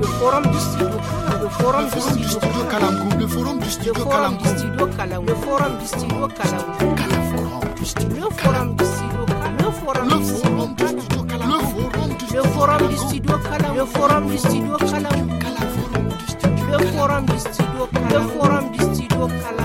le forum du studio le forum du studio le forum du studio Kalamkou le forum du studio le forum du studio le forum du studio studio le forum du studio le forum du studio studio le forum du studio le forum du studio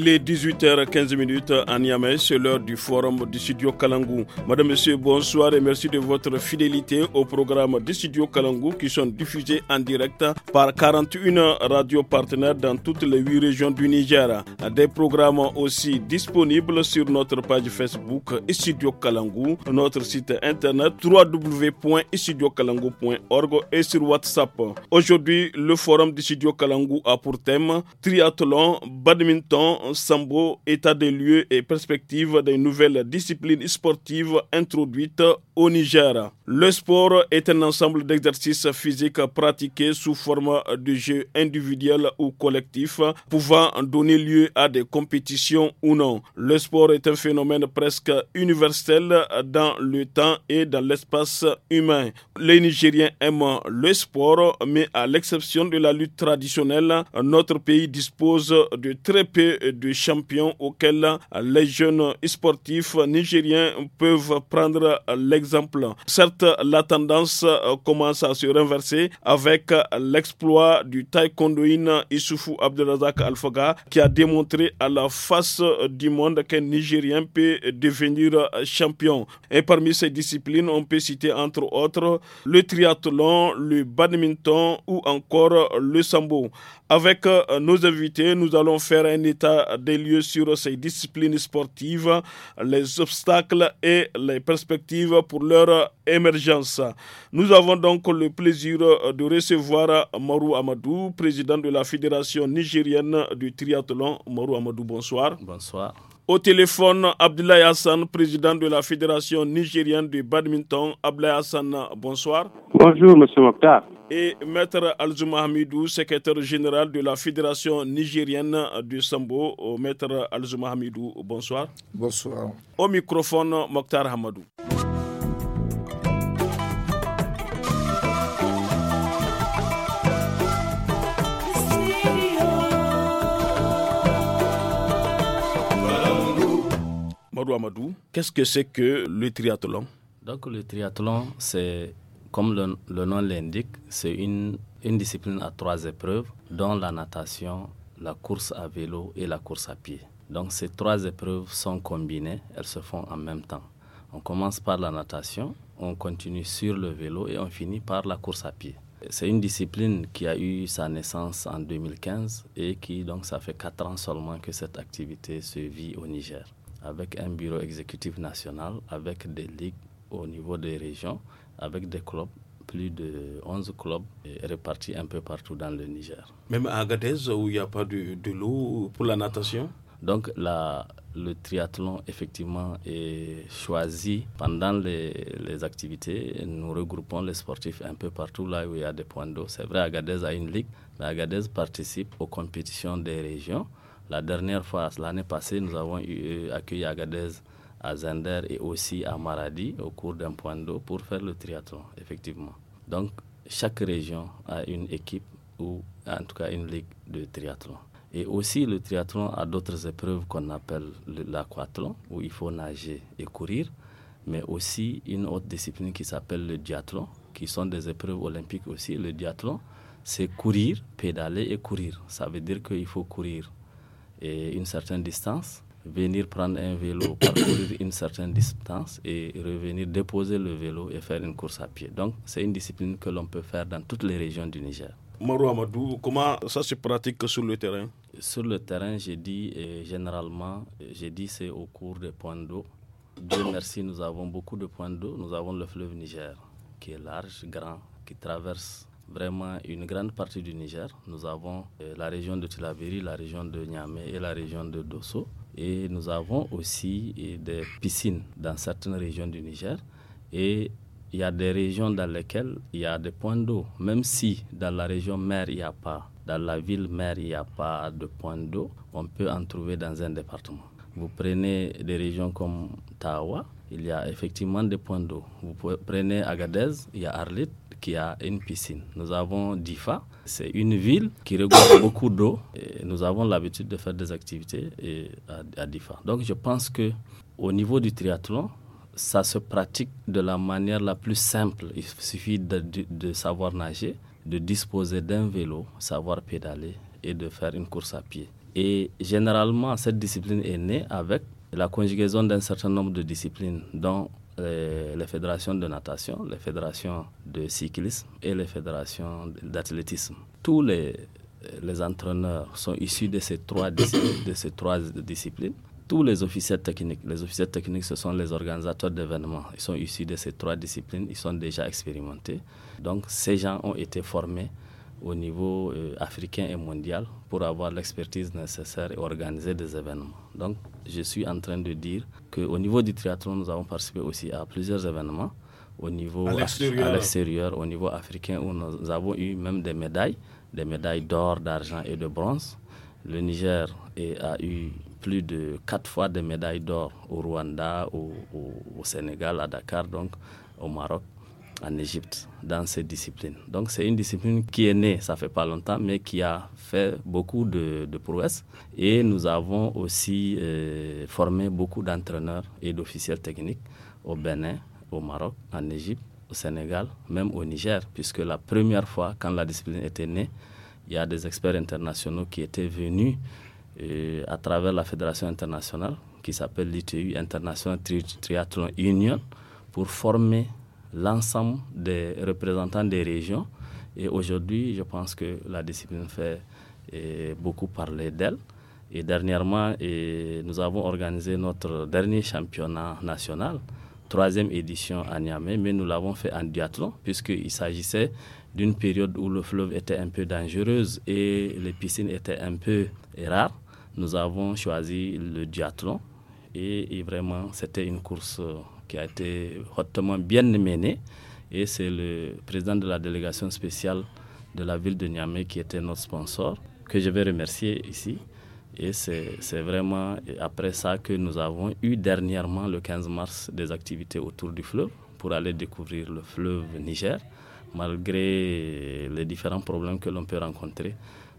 Il est 18h15 à Niamey, c'est l'heure du forum du studio Kalangou. Madame, Monsieur, bonsoir et merci de votre fidélité au programme du studio Kalangou qui sont diffusés en direct par 41 radios partenaires dans toutes les 8 régions du Niger. Des programmes aussi disponibles sur notre page Facebook Studio Kalangou, notre site internet www.studiokalangou.org et sur WhatsApp. Aujourd'hui, le forum du studio Kalangou a pour thème triathlon, badminton, Sambo, état des lieux et perspectives des nouvelles disciplines sportives introduites au Niger. Le sport est un ensemble d'exercices physiques pratiqués sous forme de jeux individuels ou collectifs, pouvant donner lieu à des compétitions ou non. Le sport est un phénomène presque universel dans le temps et dans l'espace humain. Les Nigériens aiment le sport, mais à l'exception de la lutte traditionnelle, notre pays dispose de très peu de champions auxquels les jeunes sportifs nigériens peuvent prendre l'exemple. Certes, la tendance euh, commence à se renverser avec euh, l'exploit du taekwondoïne Issoufou Abdelazak Alfaga qui a démontré à la face du monde qu'un Nigérien peut devenir champion. Et parmi ces disciplines, on peut citer entre autres le triathlon, le badminton ou encore le sambo. Avec euh, nos invités, nous allons faire un état des lieux sur ces disciplines sportives, les obstacles et les perspectives pour leur émergence. Nous avons donc le plaisir euh, de recevoir euh, Marou Amadou, président de la Fédération nigérienne du triathlon. Marou Amadou, bonsoir. Bonsoir. Au téléphone, Abdoulaye Hassan, président de la Fédération nigérienne du badminton. Abdoulaye Hassan, bonsoir. Bonjour, monsieur Mokhtar et Maître Alzuma Hamidou, secrétaire général de la Fédération nigérienne du Sambo. Euh, Maître Alzuma Hamidou, bonsoir. Bonsoir. Au microphone, Mokhtar Hamadou. Madou Amadou, qu'est-ce que c'est que le triathlon Donc le triathlon, c'est comme le, nom l'indique, c'est une, une discipline à trois épreuves, dont la natation, la course à vélo et la course à pied. Donc ces trois épreuves sont combinées, elles se font en même temps. On commence par la natation, on continue sur le vélo et on finit par la course à pied. C'est une discipline qui a eu sa naissance en 2015 et qui, donc, ça fait quatre ans seulement que cette activité se vit au Niger, avec un bureau exécutif national, avec des ligues au niveau des régions avec des clubs plus de 11 clubs répartis un peu partout dans le Niger. Même à Agadez, où il n'y a pas de, de l'eau pour la natation Donc le triathlon, effectivement, est choisi. Pendant les, activités, nous regroupons les sportifs un peu partout là où il y a des points d'eau. C'est vrai, Agadez a une ligue, mais Agadez participe aux compétitions des régions. La dernière fois, l'année passée, nous avons accueilli Agadez à Zender et aussi à Maradi au cours d'un point d'eau pour faire le triathlon, effectivement. Donc, chaque région a une équipe ou en tout cas une ligue de triathlon. Et aussi, le triathlon a d'autres épreuves qu'on appelle l'aquathlon, où il faut nager et courir, mais aussi une autre discipline qui s'appelle le diathlon, qui sont des épreuves olympiques aussi. Le diathlon, c'est courir, pédaler et courir. Ça veut dire qu'il faut courir et une certaine distance venir prendre un vélo, parcourir une certaine distance et revenir déposer le vélo et faire une course à pied. Donc, c'est une discipline que l'on peut faire dans toutes les régions du Niger. Marou Amadou, comment ça se pratique sur le terrain Sur le terrain, j'ai dit généralement, j'ai dit c'est au cours des points d'eau. Dieu merci, nous avons beaucoup de points d'eau. Nous avons le fleuve Niger qui est large, grand, qui traverse vraiment une grande partie du Niger. Nous avons euh, la région de Tilaviri, la région de Niamey et la région de Dosso. Et nous avons aussi eh, des piscines dans certaines régions du Niger. Et il y a des régions dans lesquelles il y a des points d'eau. Même si dans la région mère, il n'y a pas, dans la ville mère, il n'y a pas de points d'eau, on peut en trouver dans un département. Vous prenez des régions comme Tawa, il y a effectivement des points d'eau. Vous prenez Agadez, il y a Arlit, qui a une piscine. Nous avons Difa, c'est une ville qui regroupe beaucoup d'eau. Et nous avons l'habitude de faire des activités à, Difa. Donc je pense que au niveau du triathlon, ça se pratique de la manière la plus simple. Il suffit de, de savoir nager, de disposer d'un vélo, savoir pédaler et de faire une course à pied. Et généralement, cette discipline est née avec la conjugaison d'un certain nombre de disciplines, dont euh, les, fédérations de natation, les fédérations de cyclisme et les fédérations d'athlétisme. Tous les, les entraîneurs sont issus de ces trois, de ces trois disciplines tous les officiels techniques. Les officiels techniques, ce sont les organisateurs d'événements. Ils sont issus de ces trois disciplines. Ils sont déjà expérimentés. Donc, ces gens ont été formés au niveau euh, africain et mondial pour avoir l'expertise nécessaire et organiser des événements. Donc, je suis en train de dire qu'au niveau du triathlon, nous avons participé aussi à plusieurs événements au niveau à l'extérieur, au niveau africain, où nous avons eu même des médailles, des médailles d'or, d'argent et de bronze. Le Niger a eu plus de quatre fois des médailles d'or au Rwanda, au Sénégal, à Dakar, donc au Maroc en Égypte dans cette discipline. Donc c'est une discipline qui est née, ça fait pas longtemps, mais qui a fait beaucoup de, de prouesses. Et nous avons aussi euh, formé beaucoup d'entraîneurs et d'officiels techniques au Bénin, au Maroc, en Égypte, au Sénégal, même au Niger, puisque la première fois quand la discipline était née, il y a des experts internationaux qui étaient venus euh, à travers la fédération internationale qui s'appelle l'ITU, International Triathlon Union, pour former l'ensemble des représentants des régions. Et aujourd'hui, je pense que la discipline fait beaucoup parler d'elle. Et dernièrement, nous avons organisé notre dernier championnat national, troisième édition à Niamey, mais nous l'avons fait en diathlon puisqu'il s'agissait d'une période où le fleuve était un peu dangereuse et les piscines étaient un peu rares. Nous avons choisi le diathlon et vraiment, c'était une course euh, qui a été hautement bien mené Et c'est le président de la délégation spéciale de la ville de Niamey qui était notre sponsor, que je vais remercier ici. Et c'est vraiment après ça que nous avons eu dernièrement, le 15 mars, des activités autour du fleuve pour aller découvrir le fleuve Niger. Malgré les différents problèmes que l'on peut rencontrer,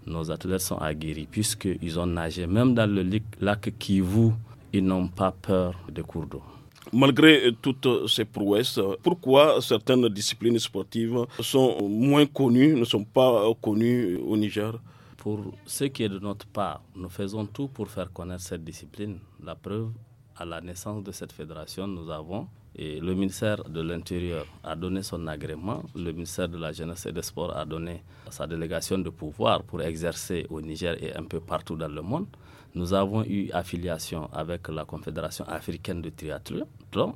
nos athlètes sont aguerris puisqu'ils ont nagé même dans le lac Kivu. Ils n'ont pas peur des cours d'eau. Malgré toutes ces prouesses, pourquoi certaines disciplines sportives sont moins connues, ne sont pas connues au Niger Pour ce qui est de notre part, nous faisons tout pour faire connaître cette discipline. La preuve, à la naissance de cette fédération, nous avons et le ministère de l'Intérieur a donné son agrément, le ministère de la Jeunesse et des Sports a donné sa délégation de pouvoir pour exercer au Niger et un peu partout dans le monde. Nous avons eu affiliation avec la Confédération africaine de triathlon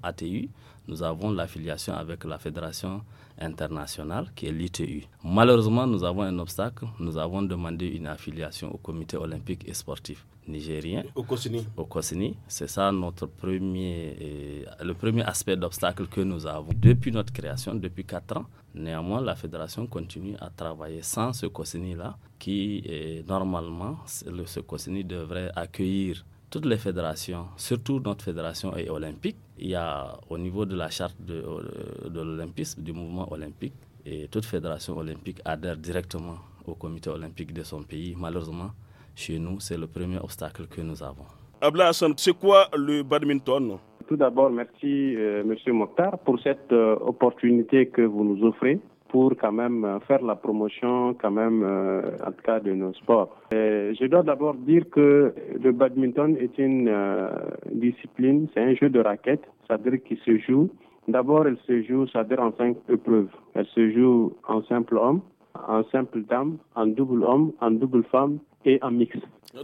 ATU, nous avons l'affiliation avec la Fédération internationale qui est l'ITU. Malheureusement, nous avons un obstacle. Nous avons demandé une affiliation au comité olympique et sportif nigérien. Au Cosini. Au Kosini. C'est ça notre premier, euh, le premier aspect d'obstacle que nous avons depuis notre création, depuis quatre ans. Néanmoins, la fédération continue à travailler sans ce cosini là qui euh, normalement, ce Kosini devrait accueillir toutes les fédérations, surtout notre fédération et olympique, il y a au niveau de la charte euh, de, l'olympisme, du mouvement olympique, et toute fédération olympique adhère directement au comité olympique de son pays. Malheureusement, chez nous, c'est le premier obstacle que nous avons. Abla c'est quoi le badminton Tout d'abord, merci euh, Monsieur Mokhtar pour cette euh, opportunité que vous nous offrez pour quand même euh, faire la promotion quand même euh, en cas de nos sports. je dois d'abord dire que le badminton est une euh, discipline, c'est un jeu de raquette, c'est-à-dire qu'il se joue. D'abord, elle se joue, c'est-à-dire en cinq épreuves. Elle se joue en simple homme, en simple dame, en double homme, en double femme et en mix.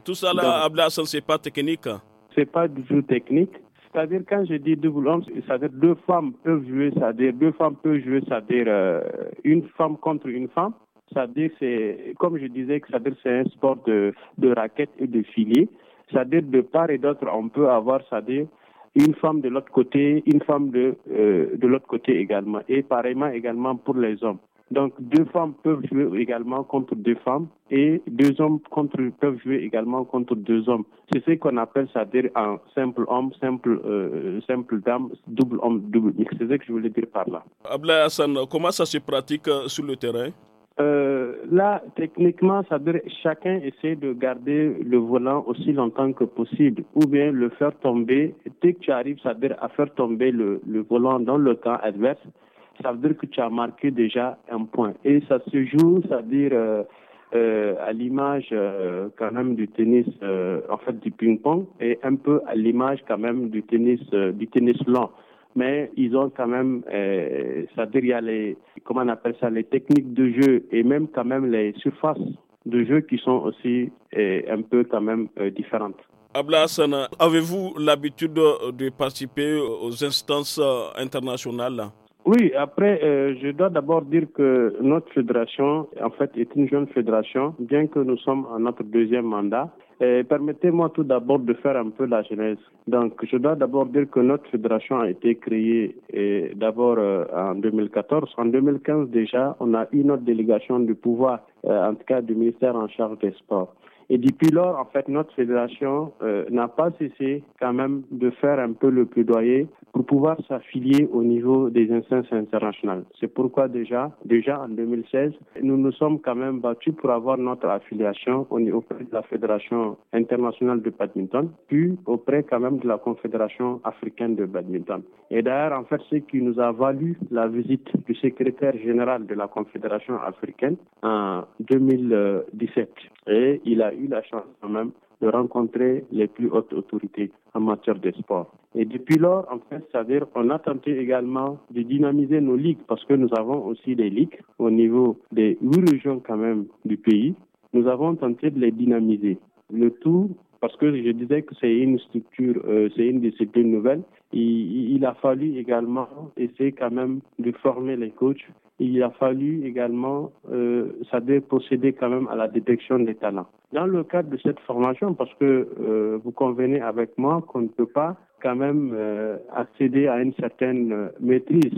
Tout ça là, à c'est pas technique. Hein? C'est pas du tout technique. C'est-à-dire, quand je dis double homme, c'est-à-dire deux femmes peuvent jouer, c'est-à-dire deux femmes peuvent jouer, c'est-à-dire euh, une femme contre une femme. C'est-à-dire, c'est, comme je disais, c'est-à-dire, c'est un sport de, de raquette et de filet. C'est-à-dire, de part et d'autre, on peut avoir, c'est-à-dire, une femme de l'autre côté, une femme de, euh, de l'autre côté également. Et pareillement également pour les hommes. Donc deux femmes peuvent jouer également contre deux femmes et deux hommes peuvent jouer également contre deux hommes. C'est ce qu'on appelle, c'est-à-dire un simple homme, simple, euh, simple dame, double homme, double C'est ce que je voulais dire par là. Abla Hassan, comment ça se pratique euh, sur le terrain euh, là, techniquement, ça veut dire chacun essaie de garder le volant aussi longtemps que possible, ou bien le faire tomber. Dès que tu arrives, à faire tomber le, le volant dans le camp adverse, ça veut dire que tu as marqué déjà un point. Et ça se joue, c'est-à-dire euh, euh, à l'image euh, quand même du tennis, en fait du ping-pong, et un peu à l'image quand même du tennis, du tennis lent. Mais ils ont quand même, c'est-à-dire il y a les, comment on appelle ça, les techniques de jeu et même quand même les surfaces de jeu qui sont aussi un peu quand même différentes. Abla avez-vous l'habitude de participer aux instances internationales oui, après, euh, je dois d'abord dire que notre fédération, en fait, est une jeune fédération, bien que nous sommes en notre deuxième mandat. Permettez-moi tout d'abord de faire un peu la genèse. Donc, je dois d'abord dire que notre fédération a été créée euh, d'abord euh, en 2014. En 2015 déjà, on a eu notre délégation du pouvoir, en tout cas du ministère en charge des sports. Et depuis lors, en fait, notre fédération euh, n'a pas cessé quand même de faire un peu le plaidoyer pour pouvoir s'affilier au niveau des instances internationales. C'est pourquoi déjà, déjà en 2016, nous nous sommes quand même battus pour avoir notre affiliation auprès de la Fédération internationale de badminton, puis auprès quand même de la Confédération africaine de badminton. Et d'ailleurs, en fait, ce qui nous a valu la visite du secrétaire général de la Confédération africaine en 2017 et il a eu la chance quand même de rencontrer les plus hautes autorités en matière de sport. Et depuis lors, en fait, cest dire on a tenté également de dynamiser nos ligues parce que nous avons aussi des ligues au niveau des huit régions quand même du pays. Nous avons tenté de les dynamiser. Le tout parce que je disais que c'est une structure, euh, c'est une discipline nouvelle. Il, a fallu également essayer quand même de former les coachs. Il a fallu également, euh, ça doit procéder quand même à la détection des talents. Dans le cadre de cette formation, parce que euh, vous convenez avec moi qu'on ne peut pas quand même accéder à une certaine maîtrise,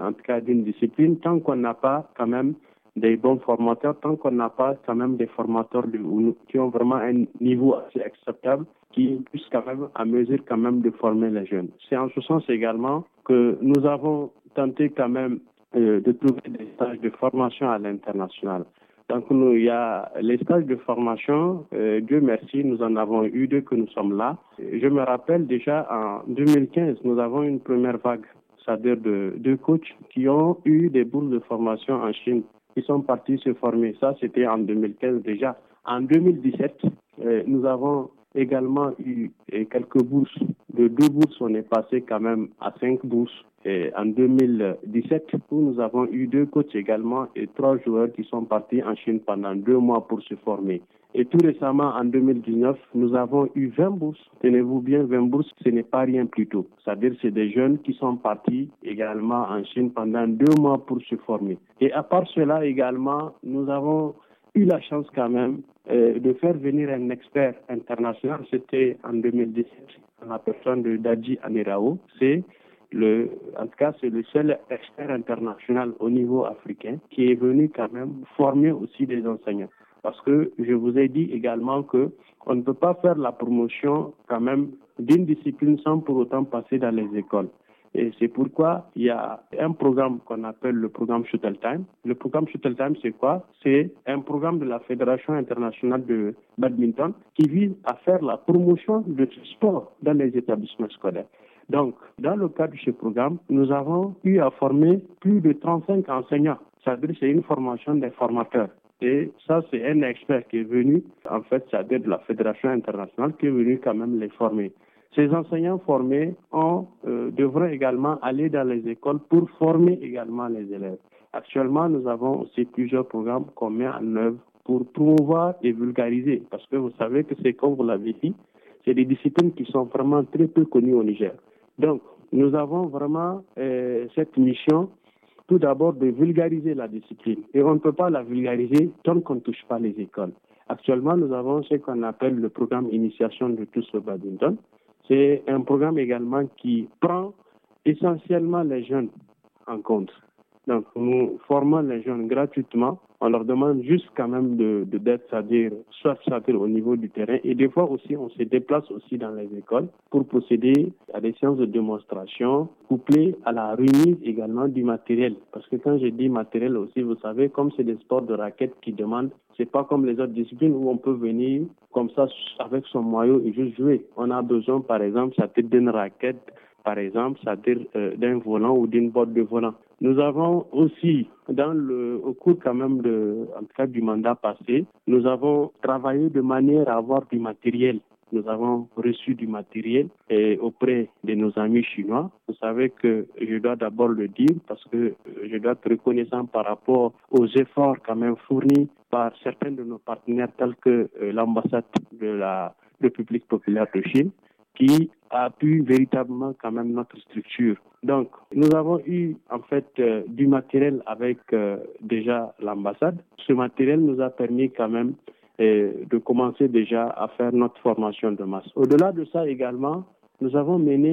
en tout cas d'une discipline, tant qu'on n'a pas quand même des bons formateurs, tant qu'on n'a pas quand même des formateurs qui ont vraiment un niveau assez acceptable, qui puissent quand même, à mesure quand même, de former les jeunes. C'est en ce sens également que nous avons tenté quand même euh, de trouver des stages de formation à l'international. Donc, nous, il y a les stages de formation, euh, Dieu merci, nous en avons eu deux que nous sommes là. Je me rappelle déjà en 2015, nous avons une première vague, c'est-à-dire de deux coachs qui ont eu des boules de formation en Chine qui sont partis se former. Ça, c'était en 2015 déjà. En 2017, euh, nous avons également eu euh, quelques bourses. De deux bourses, on est passé quand même à cinq bourses. Et euh, en 2017, nous avons eu deux coachs également et trois joueurs qui sont partis en Chine pendant deux mois pour se former. Et tout récemment, en 2019, nous avons eu 20 bourses. Tenez-vous bien, 20 bourses, ce n'est pas rien plutôt. tôt. C'est-à-dire, c'est des jeunes qui sont partis également en Chine pendant deux mois pour se former. Et à part cela également, nous avons eu la chance quand même euh, de faire venir un expert international. C'était en 2017, la personne de Dadji Anirao. C'est en tout cas, c'est le seul expert international au niveau africain qui est venu quand même former aussi des enseignants parce que je vous ai dit également que on ne peut pas faire la promotion quand même d'une discipline sans pour autant passer dans les écoles. Et c'est pourquoi il y a un programme qu'on appelle le programme Shuttle Time. Le programme Shuttle Time, c'est quoi C'est un programme de la Fédération internationale de badminton qui vise à faire la promotion de ce sport dans les établissements scolaires. Donc, dans le cadre de ce programme, nous avons eu à former plus de 35 enseignants. C'est-à-dire c'est une formation des formateurs. Et ça, c'est un expert qui est venu, en fait, ça à de la Fédération internationale, qui est venu quand même les former. Ces enseignants formés ont, euh, devraient également aller dans les écoles pour former également les élèves. Actuellement, nous avons aussi plusieurs programmes qu'on met en œuvre pour promouvoir et vulgariser, parce que vous savez que c'est comme vous l'avez dit, c'est des disciplines qui sont vraiment très peu connues au Niger. Donc, nous avons vraiment euh, cette mission tout d'abord de vulgariser la discipline. Et on ne peut pas la vulgariser tant qu'on ne touche pas les écoles. Actuellement, nous avons ce qu'on appelle le programme Initiation de tous au badminton. C'est un programme également qui prend essentiellement les jeunes en compte. Donc, nous formons les jeunes gratuitement on leur demande juste quand même de, de d'être, c'est-à-dire, soit cest au niveau du terrain. Et des fois aussi, on se déplace aussi dans les écoles pour procéder à des séances de démonstration couplées à la remise également du matériel. Parce que quand je dis matériel aussi, vous savez, comme c'est des sports de raquettes qui demandent, c'est pas comme les autres disciplines où on peut venir comme ça avec son maillot et juste jouer. On a besoin, par exemple, ça peut d'une raquette, par exemple, c'est-à-dire euh, d'un volant ou d'une boîte de volant. Nous avons aussi, dans le, au cours quand même de, en cas du mandat passé, nous avons travaillé de manière à avoir du matériel. Nous avons reçu du matériel et auprès de nos amis chinois. Vous savez que je dois d'abord le dire parce que je dois être reconnaissant par rapport aux efforts quand même fournis par certains de nos partenaires tels que euh, l'ambassade de la République populaire de Chine qui a pu véritablement quand même notre structure. Donc, nous avons eu en fait euh, du matériel avec euh, déjà l'ambassade. Ce matériel nous a permis quand même euh, de commencer déjà à faire notre formation de masse. Au-delà de ça également, nous avons mené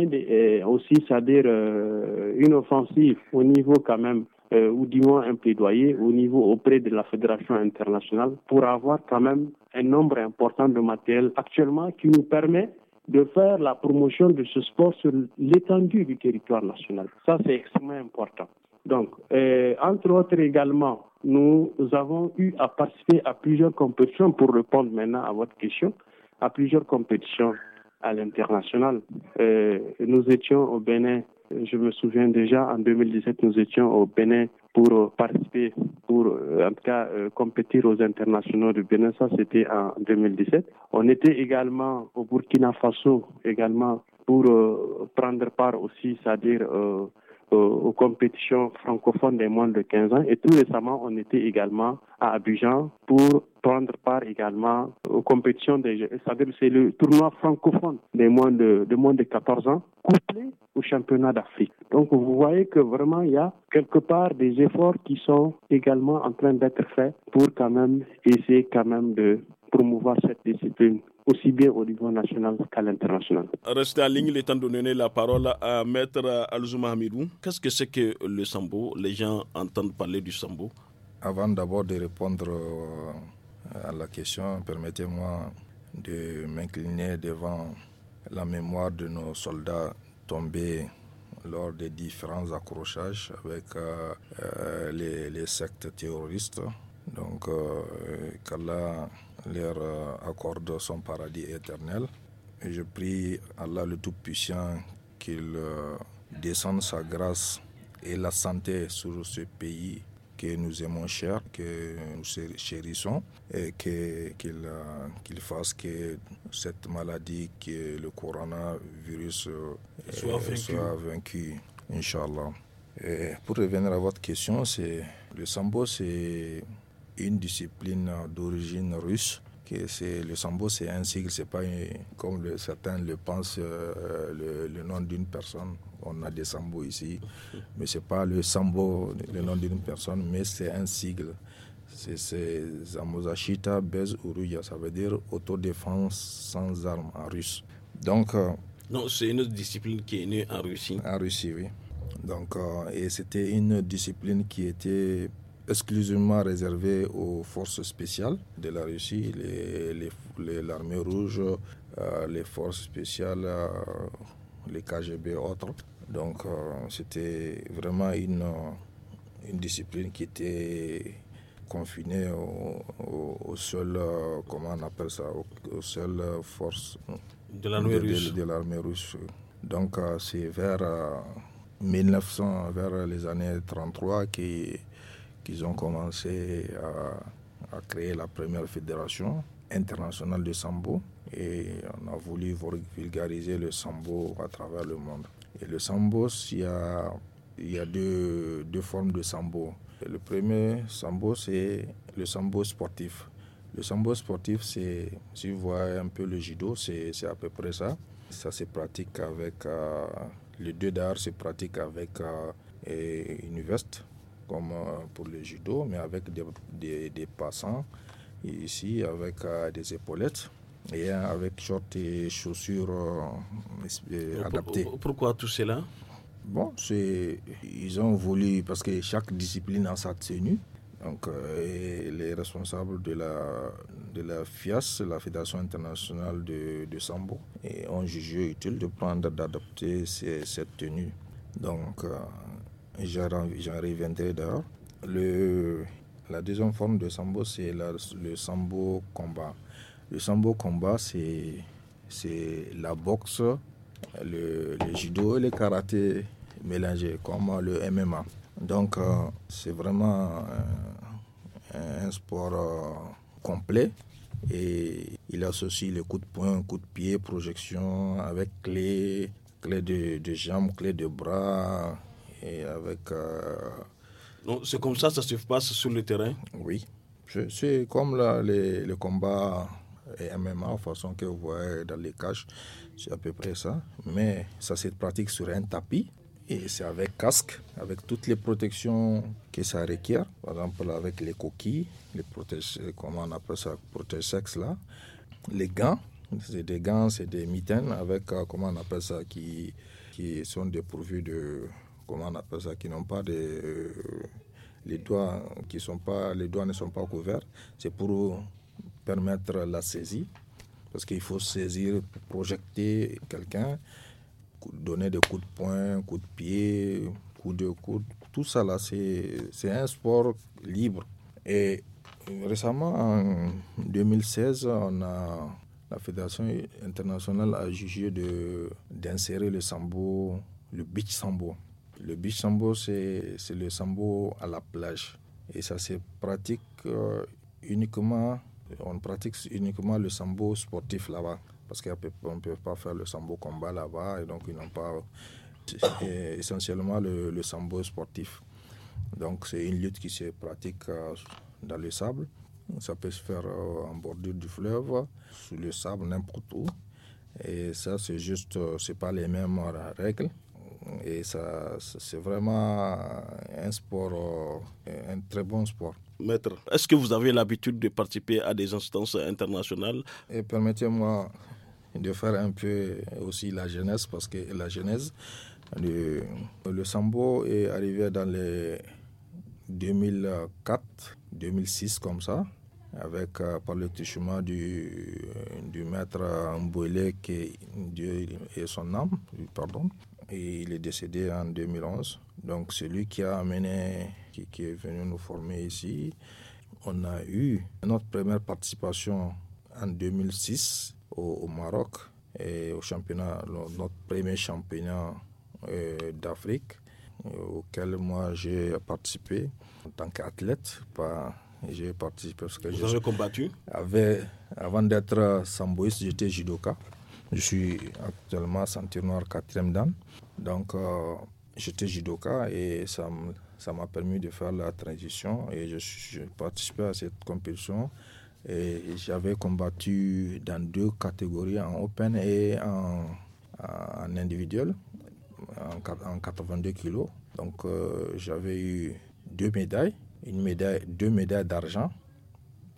aussi, c'est-à-dire une offensive au niveau quand même ou du moins un plaidoyer au niveau auprès de la Fédération internationale pour avoir quand même un nombre important de matériel actuellement qui nous permet de faire la promotion de ce sport sur l'étendue du territoire national. Ça, c'est extrêmement important. Donc, euh, entre autres également, nous avons eu à participer à plusieurs compétitions, pour répondre maintenant à votre question, à plusieurs compétitions à l'international. Euh, nous étions au Bénin je me souviens déjà, en 2017, nous étions au Bénin pour participer, pour euh, en tout cas euh, compétir aux internationaux du Bénin. Ça, c'était en 2017. On était également au Burkina Faso, également pour euh, prendre part aussi, c'est-à-dire aux compétitions francophones des moins de 15 ans. Et tout récemment, on était également à Abidjan pour prendre part également aux compétitions des C'est-à-dire c'est le tournoi francophone des moins de, moins de 14 ans, couplé au championnat d'Afrique. Donc vous voyez que vraiment il y a quelque part des efforts qui sont également en train d'être faits pour quand même essayer quand même de promouvoir cette discipline aussi bien au niveau national qu'à l'international. Restez en ligne, il est temps de donner la parole à Maître Alzouma Hamidou. Qu'est-ce que c'est que le sambo Les gens entendent parler du sambo. Avant d'abord de répondre euh, euh, à la question, permettez-moi de m'incliner devant la mémoire de nos soldats tombés lors des différents accrochages avec euh, euh, les, sectes terroristes. Donc qu'Allah leur accorde son paradis éternel. je prie Allah le Tout-Puissant qu'il descende sa grâce et la santé sur ce pays que nous aimons cher, que nous chérissons, et qu'il euh, qu'il fasse que cette maladie, que le coronavirus, euh, euh, soit vaincu, Inch'Allah. Et pour revenir à votre question, c'est le sambo, c'est une discipline d'origine russe. Que c'est le sambo, c'est un sigle, c'est pas comme le, certains le pensent, le nom d'une personne. On a des sambo ici, mais ce n'est pas le sambo, le nom d'une personne, mais c'est un sigle. C'est Zamozashita Bez Uruya, ça veut dire autodéfense sans armes en russe. Donc. Euh, non, c'est une discipline qui est née en Russie. En Russie, oui. Donc, euh, et c'était une discipline qui était exclusivement réservée aux forces spéciales de la Russie, l'armée les, les, rouge, euh, les forces spéciales les KGB autres. Donc euh, c'était vraiment une, euh, une discipline qui était confinée au, au, seul, euh, comment on appelle ça, aux, seules forces de l'armée russe. De, russe. Donc c'est vers 1900, vers les années 33, qu'ils ont commencé à, à créer la première fédération internationale de Sambo et on a voulu vulgariser le sambo à travers le monde. Et le sambo, il y a, deux, formes de sambo. Le premier sambo, c'est le sambo sportif. Le sambo sportif, c'est, si vous voyez un peu le judo, c'est, à peu près ça. Ça se pratique avec, euh, les deux d'art se pratique avec euh, une veste, comme euh, pour le judo, mais avec des, passants, ici avec des épaulettes et euh, avec shorts et chaussures euh, euh, adaptées. Pourquoi tout cela Bon, c'est ils ont voulu parce que chaque discipline a sa tenue. Donc, les responsables de la, de la FIAS, la Fédération internationale de, de Sambo, et ont jugé utile de prendre, d'adopter cette tenue. Donc, j'en reviendrai d'ailleurs. La deuxième forme de Sambo, c'est le Sambo combat. Le sambo combat, c'est la boxe, le, judo et le karaté mélangés, comme le MMA. Donc, euh, c'est vraiment un sport euh, complet. Et il associe le coups de poing, coup de pied, projection avec clé, clé de, de jambe, clé de bras, et avec. Euh, Donc, c'est comme ça, ça se passe sur le terrain Oui. C'est comme le combat... les combats et MMA, façon que vous voyez dans les caches, c'est à peu près ça. Mais ça se pratique sur un tapis et c'est avec casque, avec toutes les protections que ça requiert. Par exemple, avec les coquilles, les protèges, comment on appelle ça, protège sexe là, les gants, c'est des gants, c'est des mitaines avec, euh, comment on appelle ça, qui, qui sont dépourvus de, comment on appelle ça, qui n'ont pas de. Euh, les doigts qui sont pas les doigts ne sont pas couverts c'est pour permettre la saisie, parce qu'il faut saisir, projeter quelqu'un, donner des coups de poing, coups de pied, coups de coude, tout ça là, c'est un sport libre. Et récemment, en 2016, on a, la Fédération internationale a jugé d'insérer le sambo, le beach sambo. Le beach sambo, c'est le sambo à la plage. Et ça c'est pratique euh, uniquement on pratique uniquement le sambo sportif là-bas, parce qu'on ne peut pas faire le sambo combat là-bas, et donc ils n'ont pas essentiellement le, sambo sportif. Donc c'est une lutte qui se pratique euh, dans le sable. Ça peut se faire euh, en bordure du fleuve, sous le sable, n'importe où. Et ça, c'est juste, euh, c'est pas les mêmes règles. Et ça, c'est vraiment un sport, un très bon sport. Maître, est-ce que vous avez l'habitude de participer à des instances internationales permettez-moi de faire un peu aussi la jeunesse, parce que la genèse, le, le Sambo est arrivé dans les 2004, 2006 comme ça, avec euh, par le touchement du, du maître Mbouele qui Dieu et son âme, pardon, il est décédé en 2011. Donc c'est lui qui a amené, qui, est venu nous former ici. On a eu notre première participation en 2006 au, Maroc et au championnat, notre premier championnat euh, d'Afrique euh, auquel moi j'ai participé en tant qu'athlète. j'ai participé parce que j'ai combattu Avant d'être samboïste, j'étais judoka. Je suis actuellement ceinture noire quatrième dan. Donc, euh, j'étais judoka et ça m'a permis de faire la transition et je, participais à cette compétition. Et j'avais combattu dans deux catégories, en open et en, individuel, en, 82 kilos. Donc euh, j'avais eu deux médailles, une médaille, deux médailles d'argent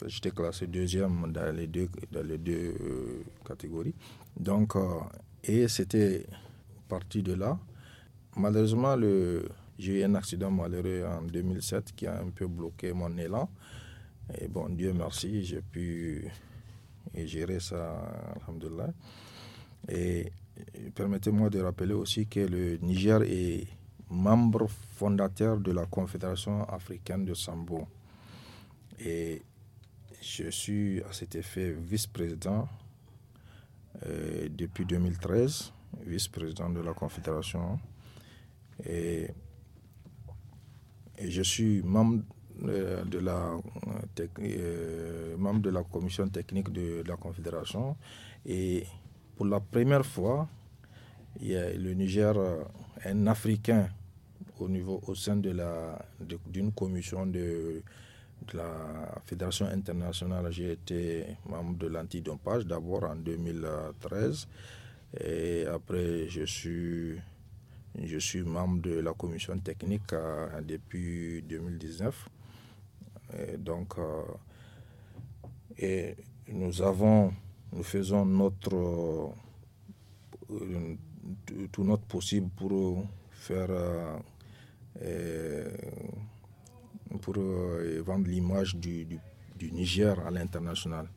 J'étais classé deuxième dans les deux, dans les deux euh, catégories. Donc, euh, et c'était parti de là. Malheureusement, j'ai eu un accident malheureux en 2007 qui a un peu bloqué mon élan. Et bon, Dieu merci, j'ai pu gérer ça, alhamdoulilah. Et permettez-moi de rappeler aussi que le Niger est membre fondateur de la Confédération africaine de Sambo. Et je suis à cet effet vice-président euh, depuis 2013, vice-président de la Confédération. Et, je suis euh, euh, membre de, la, commission technique de, la Confédération. Et pour la première fois, il y a le Niger, un Africain au, niveau, au sein d'une de, commission de de la Fédération internationale, j'ai été membre de l'antidompage d'abord en 2013 et après je suis, je suis membre de la commission technique euh, depuis 2019. donc, euh, et nous avons, nous faisons notre, euh, tout notre possible pour faire pour euh, vendre l'image du, Niger à l'international.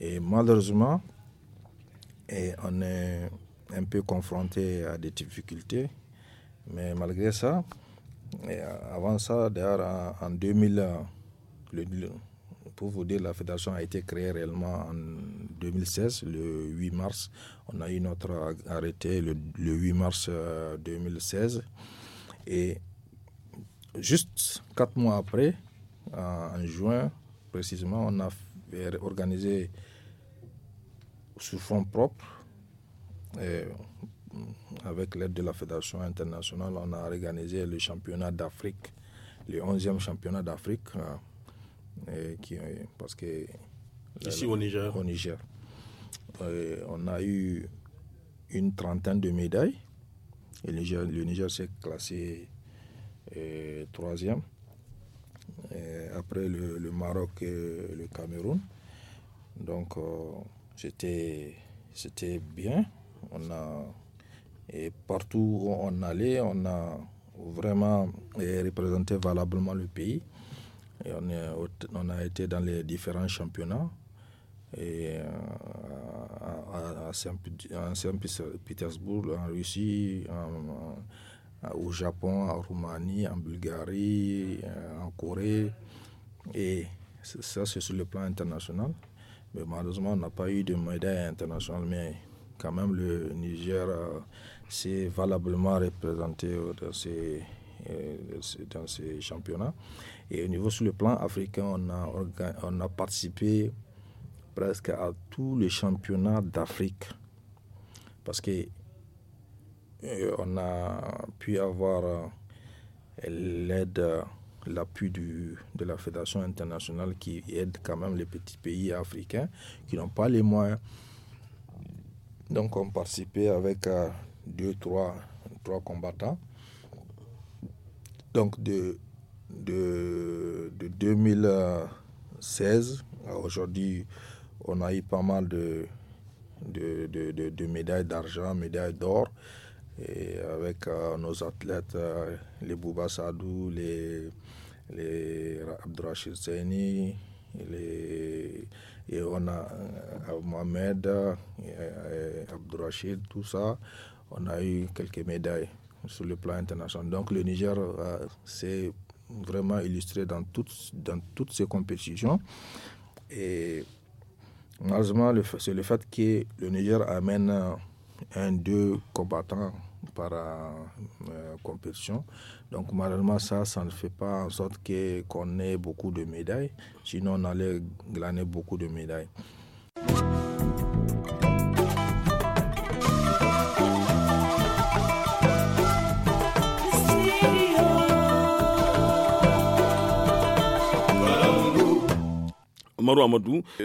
Et malheureusement, et on est un peu confronté à des difficultés, mais malgré ça, avant ça, d'ailleurs, en, 2000, pour vous dire, la fédération a été créée réellement en 2016, le 8 mars. On a eu notre arrêté le, le 8 mars 2016. Euh, et juste quatre mois après, euh, en juin précisément, on a organisé sous fond propre euh, avec l'aide de la Fédération internationale, on a organisé le championnat d'Afrique, le 11e championnat d'Afrique, euh, parce que... Ici au Niger. Au Niger. on a eu une trentaine de médailles. Et le Niger s'est classé et troisième. après le, Maroc et le Cameroun. Donc euh, c'était, bien. On a, et partout où on allait, on a vraiment représenté valablement le pays. on, a été dans les différents championnats. Et euh, à, Saint-Pétersbourg, en Russie, au Japon, en Roumanie, en Bulgarie, euh, en Corée. Et ça, c'est sur le plan international. Mais malheureusement, on n'a pas eu de médaille internationale, mais quand même, le Niger euh, s'est valablement représenté euh, dans ces, dans ces championnats. Et au niveau sur le plan africain, on a, on a participé presque à tous les championnats d'Afrique. Parce que on a puis avoir euh, l'aide, euh, l'appui de la Fédération internationale qui aide quand même les petits pays africains qui n'ont pas les moyens. Donc on participait avec euh, deux, trois, trois combattants. Donc de, de, 2016 à aujourd'hui, on a eu pas mal de, de médailles d'argent, médailles d'or et avec euh, nos athlètes, euh, les Bouba Sadou, les, les Zaini, on a euh, Mohamed, Abdurrachid, tout ça, on a eu quelques médailles sur le plan international. Donc le Niger s'est vraiment illustré dans toutes, dans toutes ces compétitions. Et malheureusement, c'est le fait que le Niger amène un, deux combattants par la euh, euh, compétition. Donc malheureusement, ça, ça ne fait pas en sorte que, qu'on ait beaucoup de médailles. Sinon, on allait glaner beaucoup de médailles.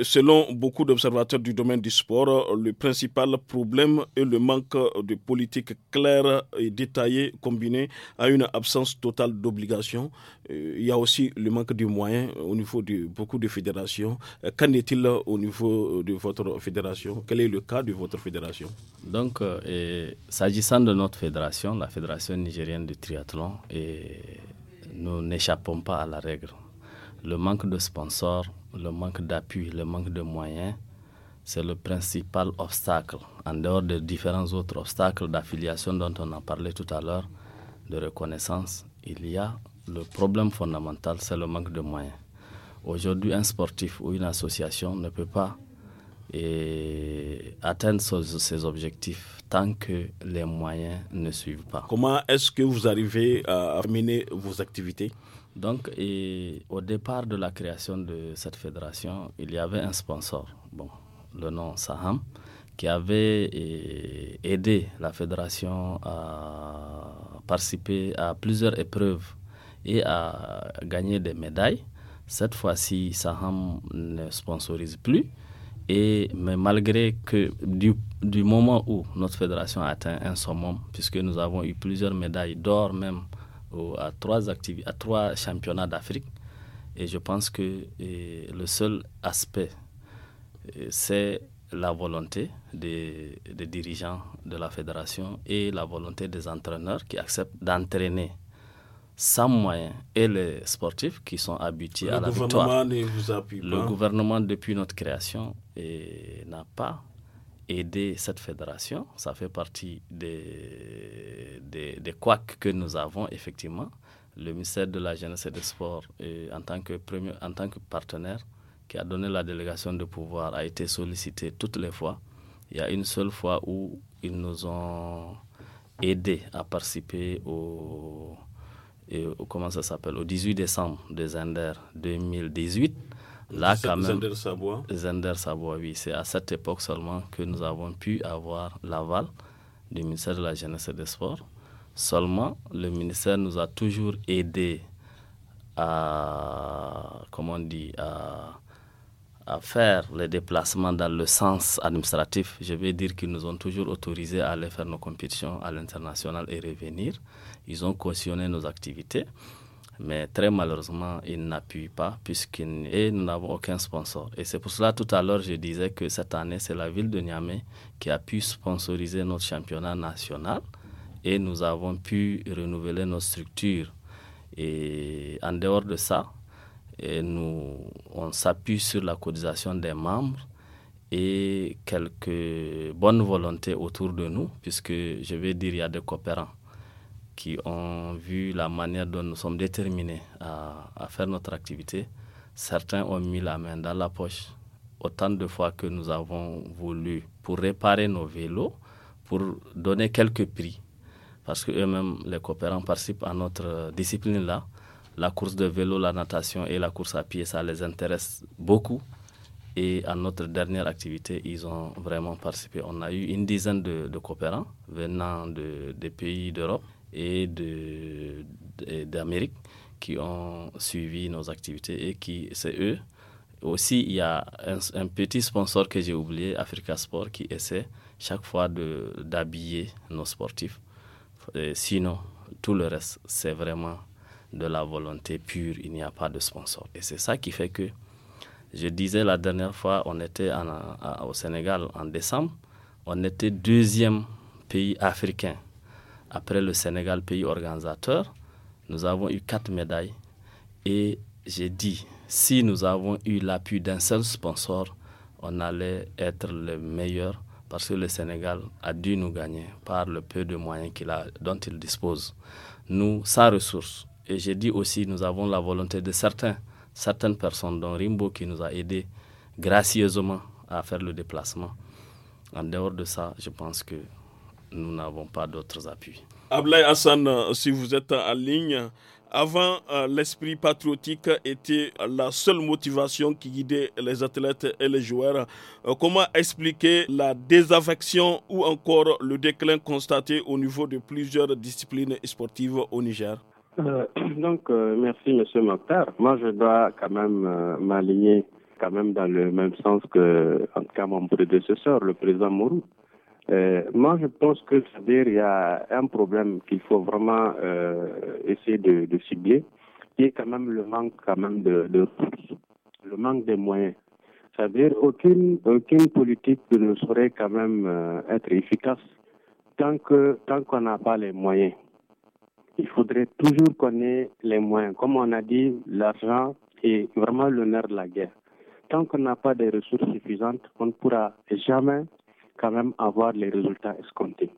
selon beaucoup d'observateurs du domaine du sport, le principal problème est le manque de politique claire et détaillée combinée à une absence totale d'obligation. Euh, il y a aussi le manque de moyens au niveau de beaucoup de fédérations. Euh, qu'en est-il au niveau de votre fédération Quel est le cas de votre fédération Donc, euh, s'agissant de notre fédération, la Fédération nigérienne du triathlon, et nous n'échappons pas à la règle. Le manque de sponsors le manque d'appui, le manque de moyens, c'est le principal obstacle, en dehors de différents autres obstacles d'affiliation dont on a parlé tout à l'heure, de reconnaissance, il y a le problème fondamental, c'est le manque de moyens. Aujourd'hui, un sportif ou une association ne peut pas atteindre ses objectifs tant que les moyens ne suivent pas. Comment est-ce que vous arrivez à terminer vos activités donc, au départ de la création de cette fédération, il y avait un sponsor, bon, le nom Saham, qui avait eh, aidé la fédération à participer à plusieurs épreuves et à gagner des médailles. Cette fois-ci, Saham ne sponsorise plus. Et, mais malgré que du, moment où notre fédération atteint un summum, puisque nous avons eu plusieurs médailles d'or même à, trois à trois championnats d'Afrique. Et je pense que le seul aspect, c'est la volonté des, dirigeants de la fédération et la volonté des entraîneurs qui acceptent d'entraîner sans moyens et les sportifs qui sont habitués à la victoire. vous pas. Le gouvernement, depuis notre création, n'a pas aider cette fédération. Ça fait partie des, des, couacs que nous avons effectivement. Le ministère de la Jeunesse et des Sports, en, tant que premier, en tant que partenaire qui a donné la délégation de pouvoir, a été sollicité toutes les fois. Il y a une seule fois où ils nous ont aidés à participer au, comment ça s'appelle, au 18 décembre des 2018 Là, quand oui. C'est à cette époque seulement que nous avons pu avoir l'aval du ministère de la Jeunesse et des Sports. Seulement, le ministère nous a toujours aidés à, comment dit, à faire les déplacements dans le sens administratif. Je vais dire qu'ils nous ont toujours autorisés à aller faire nos compétitions à l'international et revenir. Ils ont cautionné nos activités. Mais très malheureusement, ils n'appuient pas puisqu'il et nous n'avons aucun sponsor. Et c'est pour cela, tout à l'heure, je disais que cette année, c'est la ville de Niamey qui a pu sponsoriser notre championnat national et nous avons pu renouveler nos structures. Et en dehors de ça, nous, on s'appuie sur la cotisation des membres et quelques bonnes volontés autour de nous, puisque je vais dire, il y a des coopérants qui ont vu la manière dont nous sommes déterminés à, faire notre activité, certains ont mis la main dans la poche autant de fois que nous avons voulu pour réparer nos vélos, pour donner quelques prix. Parce que eux-mêmes, les coopérants participent à notre discipline-là. La course de vélo, la natation et la course à pied, ça les intéresse beaucoup. Et à notre dernière activité, ils ont vraiment participé. On a eu une dizaine de, coopérants venant de, des pays d'Europe et d'Amérique qui ont suivi nos activités et qui, c'est eux. Aussi, il y a un, petit sponsor que j'ai oublié, Africa Sport, qui essaie chaque fois d'habiller nos sportifs. sinon, tout le reste, c'est vraiment de la volonté pure. Il n'y a pas de sponsor. Et c'est ça qui fait que, je disais la dernière fois, on était au Sénégal en décembre, on était deuxième pays africain après le Sénégal, pays organisateur, nous avons eu quatre médailles. Et j'ai dit, si nous avons eu l'appui d'un seul sponsor, on allait être le meilleur parce que le Sénégal a dû nous gagner par le peu de moyens dont il dispose. Nous, sa ressource. Et j'ai dit aussi, nous avons la volonté de certains, certaines personnes, dont Rimbo qui nous a aidés gracieusement à faire le déplacement. En dehors de ça, je pense que nous n'avons pas d'autres appuis. Ablay Hassan, euh, si vous êtes en ligne, avant, euh, l'esprit patriotique était la seule motivation qui guidait les athlètes et les joueurs. Euh, comment expliquer la désaffection ou encore le déclin constaté au niveau de plusieurs disciplines sportives au Niger Donc, merci Monsieur Mokhtar. Moi, je dois quand même m'aligner quand même dans le même sens que, en cas, mon prédécesseur, le président Mourou. Euh, moi, je pense que cest dire il y a un problème qu'il faut vraiment euh, essayer de, cibler, qui est quand même le manque quand même de, le manque des moyens. C'est-à-dire aucune aucune politique ne saurait quand même euh, être efficace tant que tant qu'on n'a pas les moyens. Il faudrait toujours qu'on ait les moyens. Comme on a dit, l'argent est vraiment le nerf de la guerre. Tant qu'on n'a pas des ressources suffisantes, on ne pourra jamais quand même avoir les résultats escomptés.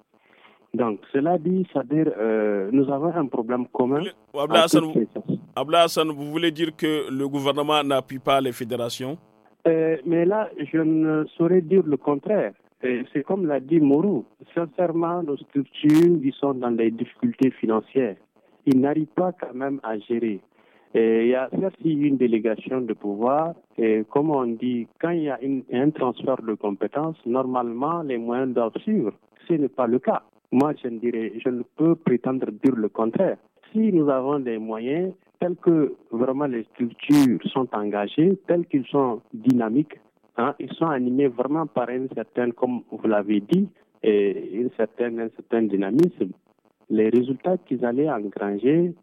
Donc, cela dit, c'est-à-dire, euh, nous avons un problème commun. Abla Hassan, vous voulez dire que le gouvernement n'appuie pas les fédérations euh, Mais là, je ne saurais dire le contraire. Euh, c'est comme l'a dit Mourou. Sincèrement, nos structures qui sont dans des difficultés financières, ils n'arrivent pas quand même à gérer il y a certes une délégation de pouvoir et comme on dit, quand il y a un transfert de compétences, normalement les moyens doivent suivre. Ce n'est pas le cas. Moi, je ne, dirais, je ne peux prétendre dire le contraire. Si nous avons des moyens tels que vraiment les structures sont engagées, tels qu'ils sont dynamiques, hein, ils sont animés vraiment par un certain, comme vous l'avez dit, une certaine, un certain dynamisme, les résultats qu'ils allaient engranger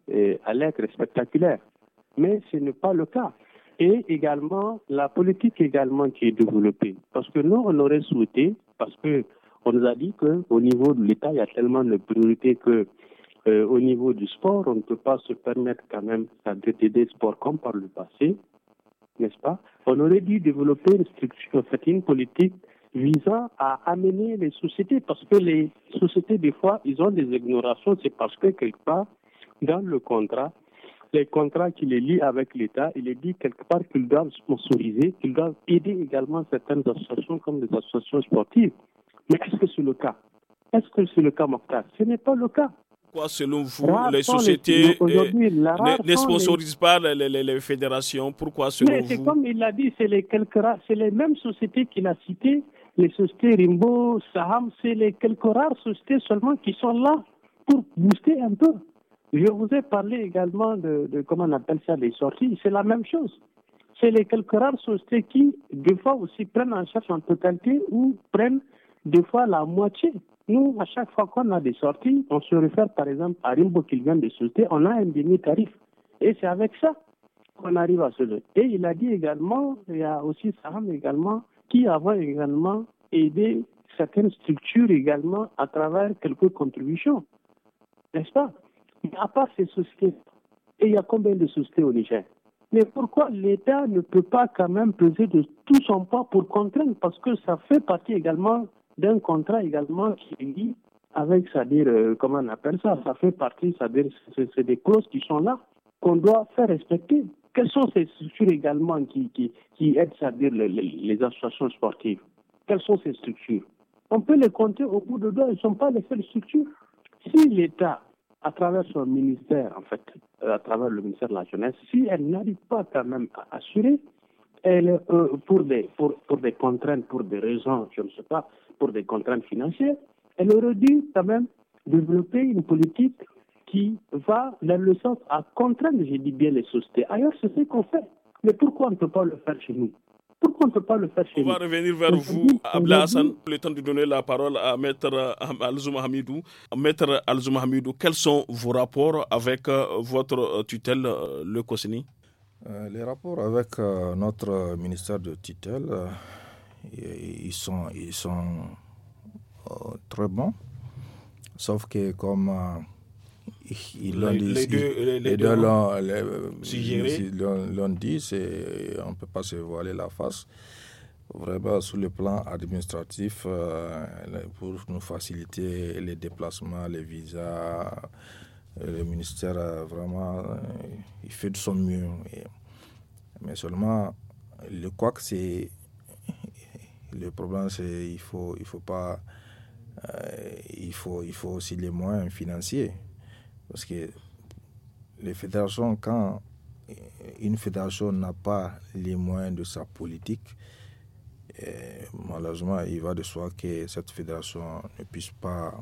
allaient être spectaculaires mais ce n'est pas le cas. Et également, la politique également qui est développée. Parce que nous, on aurait souhaité, parce que on nous a dit qu'au niveau de l'État, il y a tellement de priorités que euh, au niveau du sport, on ne peut pas se permettre quand même d'adresser des sports comme par le passé, n'est-ce pas On aurait dû développer une structure, en fait, une politique visant à amener les sociétés, parce que les sociétés, des fois, ils ont des ignorations, c'est parce que quelque part, dans le contrat, les contrats qu'il est lié avec l'État, il est dit quelque part qu'il doivent sponsoriser, qu'ils doivent aider également certaines associations comme des associations sportives. Mais quest ce que c'est le cas Est-ce que c'est le cas, Mokhtar Ce n'est pas le cas. Quoi, selon vous, les sociétés euh, ne, sponsorisent pas les, fédérations Pourquoi, selon Mais comme il l'a dit, c'est les, quelques rares, c'est les mêmes sociétés qu'il a citées, les sociétés Rimbo, Saham, c'est les quelques rares sociétés seulement qui sont là pour booster un peu. Je vous ai parlé également de, comment on appelle ça, les sorties. C'est la même chose. C'est les quelques rares sociétés qui, des fois aussi, prennent en charge en totalité ou prennent des fois la moitié. Nous, à chaque fois qu'on a des sorties, on se réfère par exemple à Rimbo qui vient de sauter, on a un demi-tarif. Et c'est avec ça qu'on arrive à se lever. Et il a dit également, il y a aussi Saham également, qui avait également aidé certaines structures également à travers quelques contributions. N'est-ce pas il n'y a pas ces sociétés. Et il y a combien de sociétés au Niger Mais pourquoi l'État ne peut pas quand même peser de tout son poids pour contraindre Parce que ça fait partie également d'un contrat également qui est avec, c'est-à-dire, euh, comment on appelle ça Ça fait partie, c'est-à-dire, c'est des clauses qui sont là, qu'on doit faire respecter. Quelles sont ces structures également qui, qui, aident, c'est-à-dire, les, associations sportives Quelles sont ces structures On peut les compter au bout de doigts, ils ne sont pas les seules structures. Si l'État à travers son ministère, en fait, euh, à travers le ministère de la Jeunesse, si elle n'arrive pas quand même à assurer, elle, euh, pour, des, pour, pour des contraintes, pour des raisons, je ne sais pas, pour des contraintes financières, elle aurait dû quand même développer une politique qui va dans le sens à contraindre, j'ai dit bien, les sociétés. Ailleurs, c'est ce qu'on fait. Mais pourquoi on ne peut pas le faire chez nous on pas le On va revenir vers vous, Abla Hassan. Le temps de donner la parole à Maître euh, Alzouma Hamidou. Maître Alzouma Hamidou, quels sont vos rapports avec euh, votre euh, tutelle, le COSENI Les rapports avec notre ministère de tutelle, ils sont, ils sont très bons. Sauf que comme les deux, l'ont on ne peut pas se voiler la face. Vraiment, sur le plan administratif, euh, pour nous faciliter les déplacements, les visas, le ministère, vraiment, euh, il fait de son mieux. mais seulement, le quoi que c'est. Le problème, c'est qu'il faut, il faut pas. Euh, il, faut, il faut aussi les moyens financiers. Parce que les fédérations, quand une fédération n'a pas les moyens de sa politique, eh, malheureusement, il va de soi que cette fédération ne puisse pas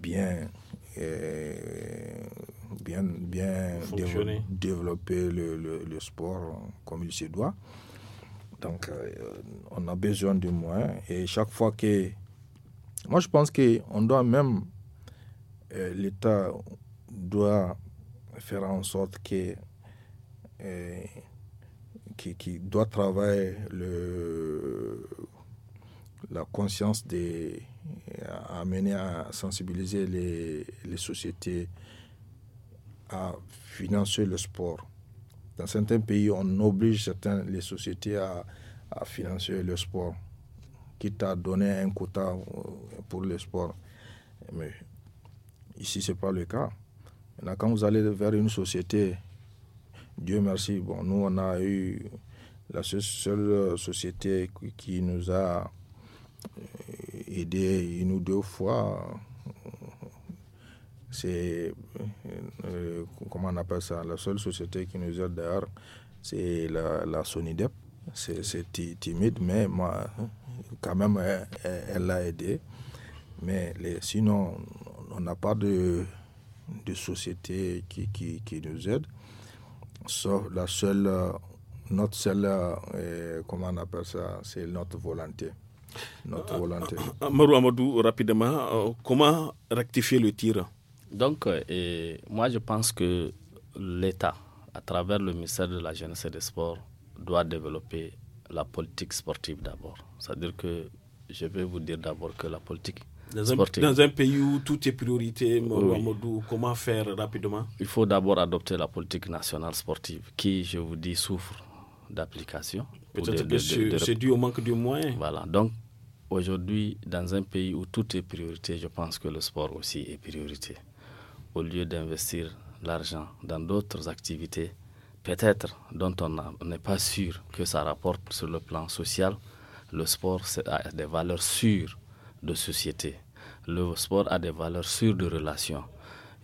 bien, eh, bien, bien développer le, sport comme il se doit. Donc, euh, on a besoin de moyens. Et chaque fois que. Moi, je pense qu'on doit même euh, l'État doit faire en sorte que euh, qui, doit travailler la conscience de amener à sensibiliser les, sociétés à financer le sport. Dans certains pays, on oblige certains, les sociétés à, financer le sport, quitte à donner un quota pour le sport. Mais Ici, ce n'est pas le cas. Là quand vous allez vers une société, Dieu merci, bon, nous, on a eu la seule euh, société qui nous a euh, aidé une ou deux fois, c'est, euh, comment on appelle ça, la seule société qui nous aide d'ailleurs, c'est la, la Sonidep. C'est, timide, mais moi, quand même, elle, l'a aidé. Mais les, sinon, on n'a pas de, de société qui, qui, nous aide. Sauf la seule, notre seule, euh, comment on appelle ça, c'est notre volonté. Ah, ah, ah, Marou Amadou, rapidement, euh, comment rectifier le tir Donc, euh, moi je pense que l'État, à travers le ministère de la Jeunesse et des Sports, doit développer la politique sportive d'abord. C'est-à-dire que je vais vous dire d'abord que la politique dans un, pays où tout est priorité, oui. comment faire rapidement Il faut d'abord adopter la politique nationale sportive qui, je vous dis, souffre d'application. Peut-être que c'est dû au manque de moyens. Voilà. Donc, aujourd'hui, dans un pays où tout est priorité, je pense que le sport aussi est priorité. Au lieu d'investir l'argent dans d'autres activités, peut-être dont on n'est pas sûr que ça rapporte sur le plan social, le sport a des valeurs sûres de société. Le sport a des valeurs sûres de relations.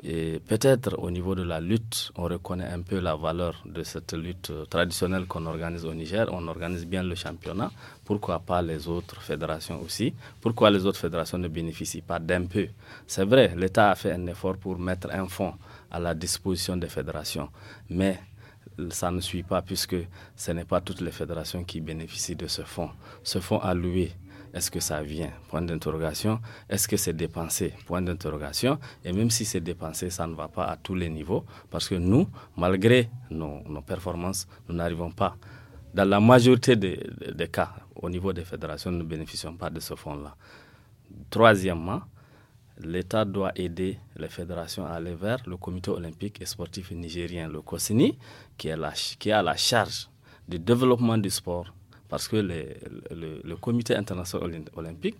Et peut-être au niveau de la lutte, on reconnaît un peu la valeur de cette lutte traditionnelle qu'on organise au Niger. On organise bien le championnat. Pourquoi pas les autres fédérations aussi Pourquoi les autres fédérations ne bénéficient pas d'un peu C'est vrai, l'État a fait un effort pour mettre un fonds à la disposition des fédérations. Mais ça ne suit pas puisque ce n'est pas toutes les fédérations qui bénéficient de ce fonds. Ce fonds alloué est-ce que ça vient Point d'interrogation. Est-ce que c'est dépensé Point d'interrogation. Et même si c'est dépensé, ça ne va pas à tous les niveaux parce que nous, malgré nos, performances, nous n'arrivons pas. Dans la majorité des, cas, au niveau des fédérations, nous ne bénéficions pas de ce fonds-là. Troisièmement, l'État doit aider les fédérations à aller vers le comité olympique et sportif nigérien, le COSINI, qui, est qui a la charge du développement du sport parce que le, comité international olympique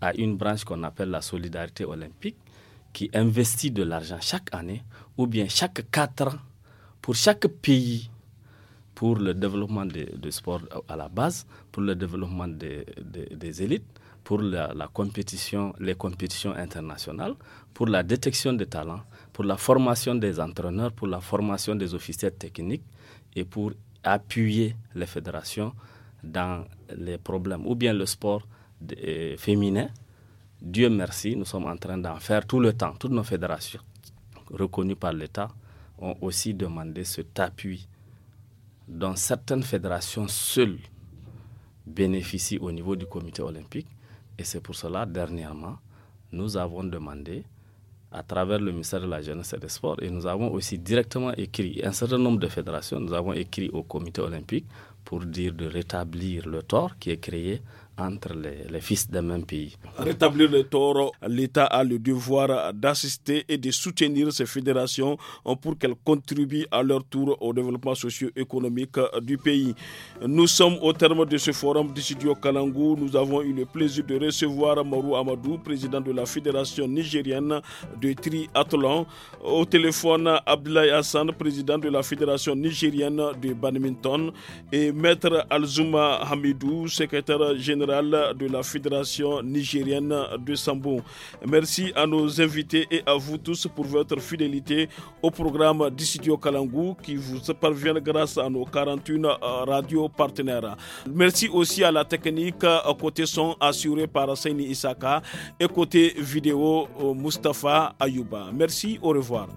a une branche qu'on appelle la solidarité olympique qui investit de l'argent chaque année ou bien chaque quatre ans pour chaque pays pour le développement du de à la base, pour le développement des, élites, pour la, compétition, les compétitions internationales, pour la détection des talents, pour la formation des entraîneurs, pour la formation des officiers techniques et pour appuyer les fédérations dans les problèmes, ou bien le sport euh, féminin. Dieu merci, nous sommes en train d'en faire tout le temps. Toutes nos fédérations reconnues par l'État ont aussi demandé cet appui dont certaines fédérations seules bénéficient au niveau du comité olympique. Et c'est pour cela, dernièrement, nous avons demandé à travers le ministère de la Jeunesse et des Sports, et nous avons aussi directement écrit, un certain nombre de fédérations, nous avons écrit au comité olympique pour dire de rétablir le tort qui est créé entre les, fils d'un même pays. Rétablir le tort, l'État a le devoir d'assister et de soutenir ces fédérations pour qu'elles contribuent à leur tour au développement socio-économique du pays. Nous sommes au terme de ce forum du studio Kalangou. Nous avons eu le plaisir de recevoir Marou Amadou, président de la Fédération nigérienne de triathlon. Au téléphone, Abdoulaye Hassan, président de la Fédération nigérienne de badminton et Maître Alzuma Hamidou, secrétaire général de la Fédération nigérienne de Sambo. Merci à nos invités et à vous tous pour votre fidélité au programme d'Issidio Kalangu qui vous parvient grâce à nos 41 euh, radios partenaires. Merci aussi à la technique euh, côté son assuré par Saini Isaka et côté vidéo euh, Mustapha Ayouba. Merci, au revoir.